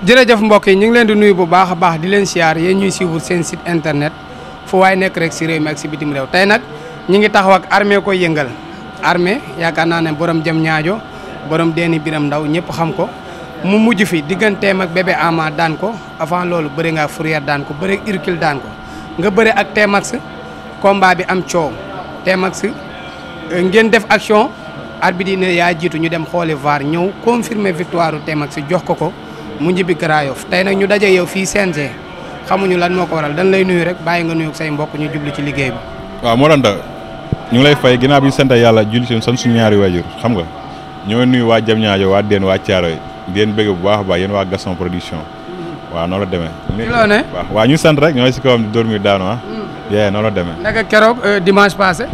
jërëjëf mbokk yi ñu ngi leen di nuyu bu baax a baax di leen siyaar yéen ñuy suivre seen site internet fu waay nekk rek si réew mi ak si bitim réew tey nag ñu ngi taxaw ak armée koy yëngal armée yaakaar naa ne borom jëm ñaajo borom deeni biram ndaw ñëpp xam ko mu mujj fi digganteem ak be ama daan ko avant loolu bëri nga Fourrière daan ko bëri Hercule daan ko nga bëri ak Tmax combat bi am coow Tmax euh, ngeen def action arbitre ne yaa jiitu ñu dem xooli VAR ñëw confirmer victoire u Tmax jox ko ko mu ñibbi Grand Yoff tey nag ñu daje yow fii CNG xamuñu lan moo ko waral dan lay nuyu rek bàyyi nga nuyu say mbokk ñu jublu ci liggéey bi. waaw moo daan ñu ngi lay fay ginnaaw bi ñu sant yàlla julli seen sant suñu ñaari waajur xam nga ñoo nuyu waa Diamniadio waa Dén waa Thiaroye di leen bëgg bu baax baa baax yéen waa Gaston production waaw noonu la demee. loo ne waaw ñu sant rek ñooy si kawam di dormir daanu ah. Mm. yee noonu demee. naka keroog euh, dimanche passé.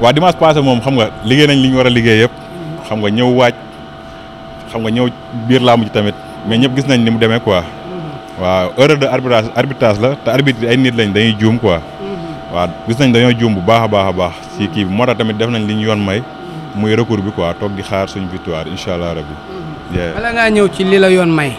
waa dimanche passé moom xam nga liggéey nañ li ñu war a liggéey yëpp. xam nga ñëw waaj xam nga ñëw biir laamu ji tamit mais ñëpp gis nañ ni mu demee quoi. waaw erreur de arbitrage arbitrage la te arbitre ay nit lañ dañuy juum quoi. waaw gis nañ dañoo juum bu baax a baax a baax si kii bi moo tax tamit def nañ li ñu yoon may. muy recours bi quoi toog di xaar suñu victoire incha allah rabbi. bala ngaa ñëw ci lii la yoon may.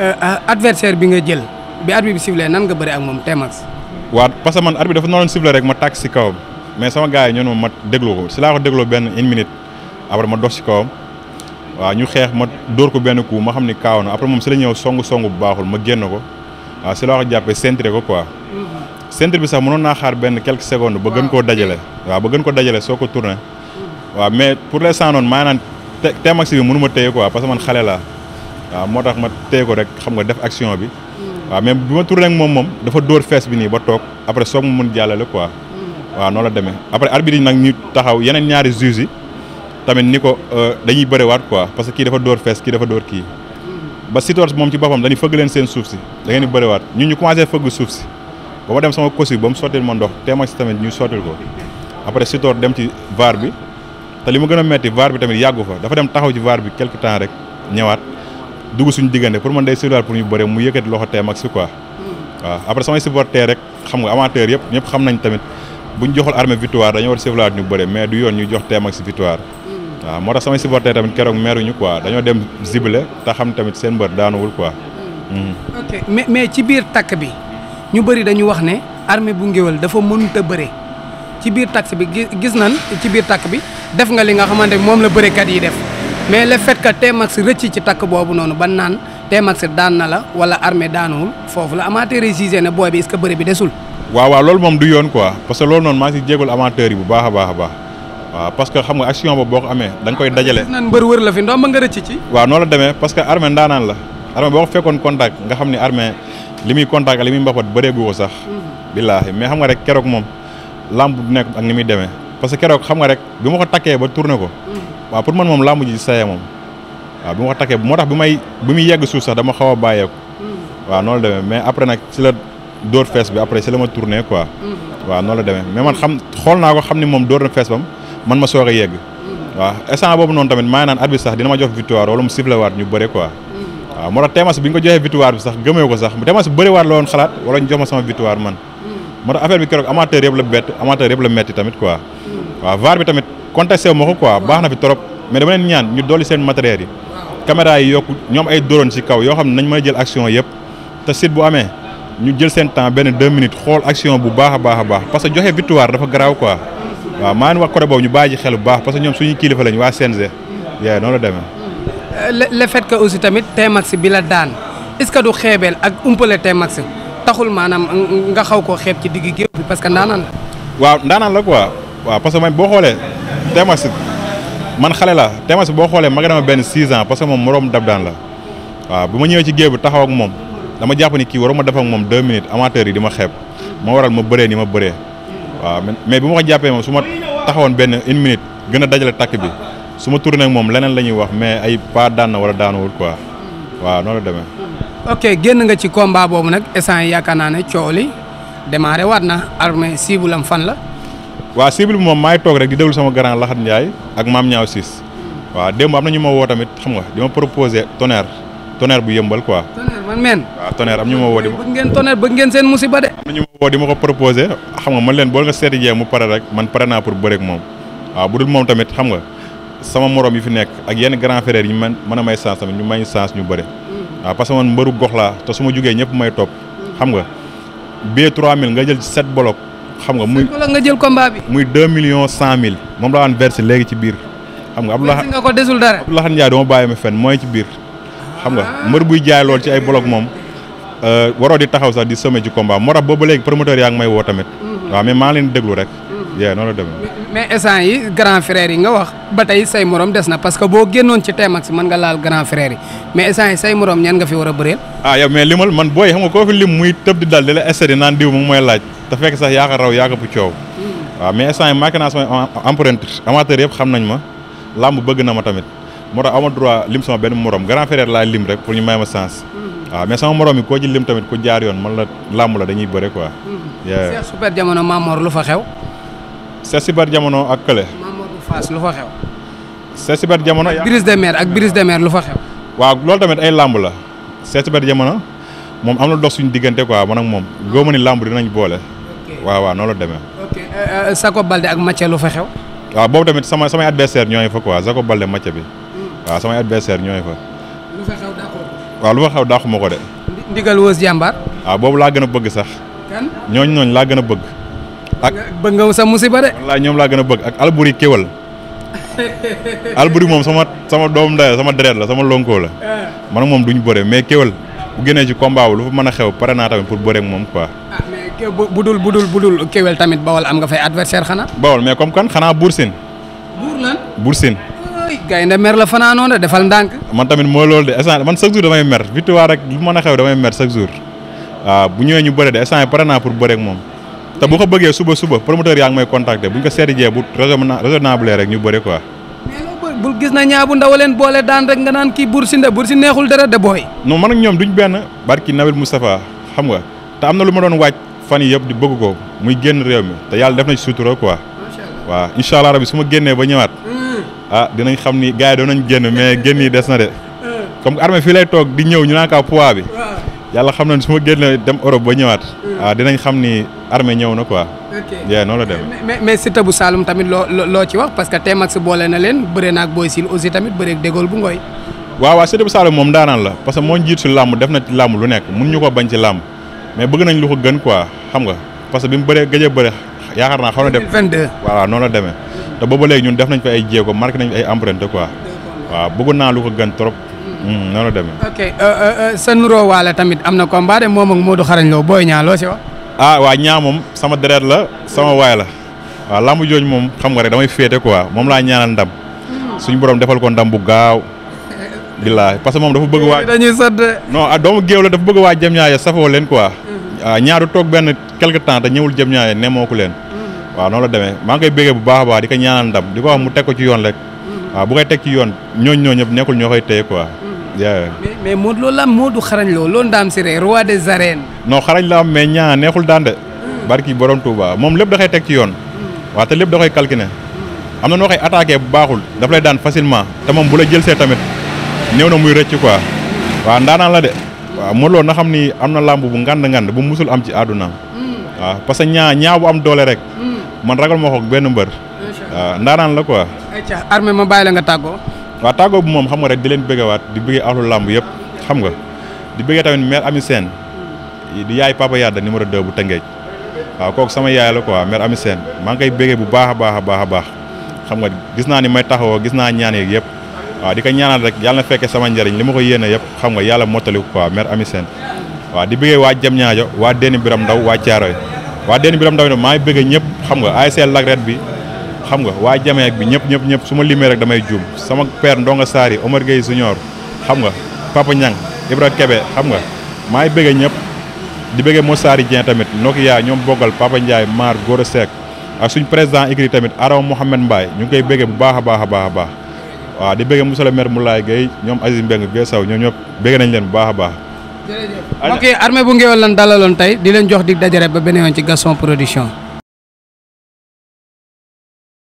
Euh, ah, adversaire bi nga jël bi arbitre bi sifflé nan nga bëri ak moom Tmax. waaw parce que man arbitre dafa noonu sifflé rek ma tàkk si kawam mais sama gars yi ñoom ma déglu ko si laa ko benn une minute ma dox si kawam. waaw ñu xeex ma dóor ko benn coup ma xam ni kaaw na après moom si la ñëw songu songu bu baaxul ma génn ko waaw si la wax jàppee centre ko quoi. centre bi sax mënoon naa xaar benn quelques secondes ba gën koo dajale. waaw ba gën ko dajale soo ko tourné. waaw mais pour l'instant noonu maa naan te teemax bi mënu ma ko quoi parce que man xale laa waaw moo tax ma téye ko rek xam nga def action bi. waaw mais bi ma tourné ak moom moom dafa dóor fees bi nii ba toog après soog mu mun jàllale quoi. waaw noonu la demee après nag ñu taxaw yeneen ñaari juges yi tamit ni ko euh, dañuy bërewaat quoi parce que kii dafa door fees kii dafa door kii ba Sitor moom ci boppam dañuy fëgg leen seen suuf si da ngeen di bëriwaat ñun ñu commencé fëgg suuf si ba ma dem sama kosi ba mu sottil ma ndox teema si tamit ñu sottil ko après Sitor dem ci VAR bi te li mu gën a metti VAR bi tamit yàggu fa dafa dem taxaw ci VAR bi quelque temps rek ñëwaat dugg suñu diggante pour man day sirwaat pour ñu bëre mu yëkkati loxo teem ak si nga amateur yëpp ñëpp xam nañ tamit bu ñu joxul armée victoire dañoo war siflaat ñu bëre mais du yoon ñu jox teem ak si victoire waaw moo tax samay supporter tamit keroog meruñu quoi dañoo dem zible te xam tamit seen mbër daanuwul quoi. Hmm. ok mais mais ci biir takk bi ñu bëri dañu wax ne armée bu ngéwél dafa mënut a bëre ci biir takk bi gis nan ci biir takk bi def nga li nga xamante moom la bërekat yi def mais le fait que Tmax rëcc ci takk boobu noonu ba naan te Tmax daan na la wala armée daanuwul foofu la amateur yi gisé ne booy bi est-ce que bëre bi desul. waaw loolu moom du yoon quoi parce que loolu noonu maa ngi si jégalu amateur yi bu baax a baax a baax. waaw parce que xam nga action boobu boo ko amee da koy dajale. naan mbër wër la fi ndomba nga rëcc ci. waaw demee parce que armée ndaanaan la armée boo ko fekkoon contact nga xam ne armée li muy contact ak li muy mbapat bëreegu ko sax. Mm-hmm. billaahi mais xam nga rek keroog moom lamb bu nekk ak ni muy demee parce que keroog xam nga rek bi ma ko takkee ba tourné ko. Mm-hmm. waaw pour man moom lamb ji saye moom. waaw bi ma ko takkee moo tax bi may bi mu yegg suuf sax dama xaw a bàyyeeku. Mm-hmm. waaw noonu la demee mais après nag si la dóor fees bi après si la ma tourné quoi. waaw noonu la demee mais man xam xool naa ko xam ni moom dóor na fees man ma soog a yegg waaw instant boobu noonu tamit maa ngi naan arbitre sax dina ma jox victoire wala mu sifflé ñu bëre quoi waaw moo tax temas bi ñu ko joxee victoire bi sax gëmee ko sax temas bi bëri waat la woon xalaat wala ñu jox ma sama victoire man moo tax affaire bi keroog amateur yëpp la bett amateur yëpp la metti tamit quoi waaw VAR bi tamit contesté wu ma ko quoi baax na fi trop mais dama leen ñaan ñu dolli seen matériel yi caméra yi yokku ñoom ay drone ci kaw yoo xam ne nañ mën jël action yëpp te site bu amee ñu jël seen temps benn deux minutes xool action bu baax a baax a baax parce que joxe victoire dafa garaaw quoi waaw maa ngi wax côté boobu ñu bàyyi ci xel bu baax parce que ñoom suñuy kilifa lañ waa CNG. yaa noonu la demee. le fait que aussi tamit Tmax bi la daan est-ce que du xeebeel ak umpale Tmax taxul maanaam nga xaw koo xeeb ci digg géew bi parce que ndaanaan la. waaw ndaanaan la quoi waaw parce que man boo xoolee Tmax man xale la Tmax boo xoolee mag dama benn 6 ans parce que moom moroom dab daan la waaw bu ma ñëwee ci géew bi taxaw ak moom. dama jàpp ni kii waruma def ak moom deux minutes amateur yi di ma xeeb moo waral ma bëree ni ma bëree waaw mais bi ma ko jàppee moom su ma taxawoon benn une minute gën a dajale takk bi su ma tourné moom leneen la ñuy wax mais ay pas daan na wala daanuwul quoi waaw noonu la demee. ok génn nga ci combat boobu nag instant yi yaakaar naa ne coow li démarré waat na armée cible am fan la. waa cible bi moom maay toog rek di déglu sama grand Laxat Ndiaye ak maam Ñaaw Ciss waaw démb am na ñu ma woo tamit xam nga di ma proposé tonnerre tonnerre bu yëmbal quoi. man meen waaw tonnerre am ñu ma woo ngeen seen musiba ma woo di ma ko proposé xam nga man leen bool nga seeti jee mu pare rek man pare naa pour bëreek moom waaw bu dul moom tamit xam nga sama moroom yi fi nekk ak yenn grand frère yi man mën a may chance tamit ñu may chance ñu bëre mm. waaw parce que man mbëru gox laa te su ma jugee ñëpp may topp xam nga billet 3000 nga jël 7 bolok xam nga muy nga jël combat bi muy 2 millions 100000 moom laa waan versé léegi ci biir xam nga Abdoulaye la ko desul dara Abdoulaye Ndiaye dama bàyyi ma mooy ci biir xam nga mbër buy jaay lool ci ay bloc moom euh, waroo di taxaw sax di semé ci combat moo tax boobu léegi promoteur yaa ngi may woo tamit. Mm-hmm. waaw mais maa leen déglu rek. Mm-hmm. yaa noonu la demee. mais instant yi grand frère nga wax ba tey say morom des na parce que boo génnoon ci Tmax mën nga laal grand frère yi mais instant yi say morom ñan nga fi war a bëreel. ah yow mais limal man booy xam nga koo fi lim muy tëb di dal di la essayer naan diw moom mooy laaj te fekk sax yaa ko raw yaa ko bu coow. Mm-hmm. waaw mais instant yi yëpp xam nañ ma làmb bëgg na ma tamit. moo tax ama droit lim sama benn morom grand frère laa lim rek pour ñu may ma sens. Mm-hmm. waaw mais sama morom koo ci lim tamit ku jaar yoon man la làmb la dañuy bëre quoi. Mm-hmm. Cheikh Super Jamono Mamor lu fa xew. Cheikh Jamono ak Kële. Mamor fa xew. Cheikh Jamono ak Brise ak Brise de lu fa xew. waaw loolu tamit ay làmb la Cheikh Super Jamono moom am na dox suñu diggante quoi man ak moom góob ma ni làmb dinañ boole. waaw waaw noonu la demee. ok Sako euh, euh, Balde ak Mathia lu fa xew. waaw boobu tamit sama samay adversaire ñooy fa quoi Sako Balde Mathia bi. waaw samay adversaire ñooy fa. lu fa xew dàqu lu fa xew dàqu ma ko de. ndigal wës jàmbaar. waaw boobu laa gën a bëgg sax. kan nooñ laa gën a bëgg. ak bëgg nga sa musiba de. laa ñoom laa gën a bëgg ak alburi kéwal. alburi moom sama sama doom ndey sama deret la sama lonko la. Ah. man moom duñu bëre mais kéwal bu génnee ci combat lu fa mën a xew pare naa tamit pour bëre moom quoi. ah mais kéw budul budul budul kéwal tamit bawal am nga fay adversaire xanaa. bawal mais comme kan xanaa Bour Sine. Bour ooy gaynde mer la fanaanoon de defal ndànk. man tamit moo loolu de instant man chaque jour damay mer victoire rek lu mën a xew damay mer chaque jour waaw bu ñëwee ñu bëre de instant yi pare naa pour bëre moom te bu ko bëggee suba suba promoteur yaa ngi may contacter bu ñu ko seeti jee bu raisonnable rek ñu bëre quoi. bul gis na ñaa bu ndaw leen boole daan rek nga naan kii bursinde bursi neexul dara de booy. non man ak ñoom duñ benn barki Nabil Moustapha xam nga te na lu ma doon waaj fan yëpp di bëgg ko muy génn réew mi yàlla def na ci sutura quoi. waaw incha allah rabi su ma génnee ba ñëwaat. Hmm. ah dinañ xam ni gars yi doon nañ génn mais génn yi des na de. comme que fii lay toog di ñëw ñu naa kaa poids bi. yàlla xam na ne su ma génnee dem Europe ba ñëwaat. Mm. ah dinañ xam ni armée ñëw na quoi. ok yeah la demee. mais mais Siteu bu Saloum tamit loo loo ci wax parce que Tmax boole na leen bëre na ak Boy Sine aussi tamit bëre ak Dégol bu Ngoy. waaw waaw Siteu bu Saloum moom daanaan la parce que moo jiit si làmb def na ci lu nekk mun ñu ko bañ ci làmb mais bëgg nañ lu ko gën quoi xam nga parce que bi yaakaar naa xaw na dem 22 waaw noonu la demee te booba léegi ñun def nañ fa ay jéego marqué nañ ay empreinte quoi waaw bëgg naa lu ko gën trop hmm, noonu la deme ok euh, euh, euh, sa nuroo waale tamit am na combat de moom moo Modou Xarañ Lo booy ñaa loo si wax ah waa ñaa sama deret la sama waay la waaw lamb jooju moom xam nga rek damay féete quoi moom laa ñaanal ndam suñu borom defal ko ndam bu gaaw billaahi parce que moom dafa bëgg waa dañuy sëdd ah, la dafa bëgg waa jëm ñaaye safoo leen quoi mm. ah, ñaaru toog benn quelque temps te ñëwul jëm ñaaye ne moo leen waaw noonu la demee maa ngi koy béggee bu baax a baax di ko ñaanal ndam di ko wax mu teg ko ci yoon rek mm-hmm. waaw bu koy teg ci yoon ñooñ ñoo bu nekkul ñoo koy teye ko mm-hmm. mais mais Modou Lo la am du xarañ loo loolu daam si rek roi des arènes non xarañ la am mais ñaa neexul daan de mm. barki borom Touba moom lépp da koy teg ci yoon mm. waaw te lépp da koy calculé mm. am na noo koy attaqué bu baaxul daf lay daan facilement te moom bu la jël see tamit néew na muy rëcc quoi waaw ndaanaan la de na xam ni am na làmb bu ngand ngand bu musul am ci àdduna waaw parce que ñaa ñaa bu am doole rek man ragal ma xoog benn mbër. waaw ndaanaan la quoi. ayca armée ma bàyyi la nga tàggoo. waa tàggoo bu moom xam nga rek di leen bëggewaat di bëggee axlu làmb yëpp xam nga di bëggee tamit mère Ami Sène hmm. di yaay Papa Yada numéro 2 bu Tëngéej waaw kooku sama yaay la quoi mère Ami Sène maa ngi koy bëggee bu baax a baax a baax a baax xam nga gis naa ni may taxawoo gis naa ñaan yeeg yëpp waa di ko ñaanal rek yàlla na fekkee sama njariñ li ma ko yéene yëpp xam nga yàlla mottali ko quoi Ami Sène hmm. waaw di bëggee waa Jam ñaajo waa Déni Biram Ndaw waa Caaroy waa den bi ram ndaw ne maa ngi bëgg ñëpp xam nga ASC Lagret bi xam nga waa jameek bi ñëpp ñëpp ñëpp su ma limee rek damay juum sama père Ndonga saari Omar Gueye Junior xam nga Papa Niang Ibra Kebe xam nga maa ngi bëgg ñëpp di bëggee moo saari Dieng tamit Nokia ñoom boggal Papa Ndiaye Mar Gora Seck ak suñ président écrit tamit Araw Mohamed Mbaye ñu ngi koy bëggee bu baax a baax a baax a baax waaw di bëggee monsieur le maire Moulaye Gueye ñoom Aziz Mbeng Gueye Sow ñoom ñëpp bëgg nañ bu baax a baax jërëjëf ok armée bu Ngéwél lan dalaloon tey di leen jox di dajare ba beneen yoon ci Gaston prodution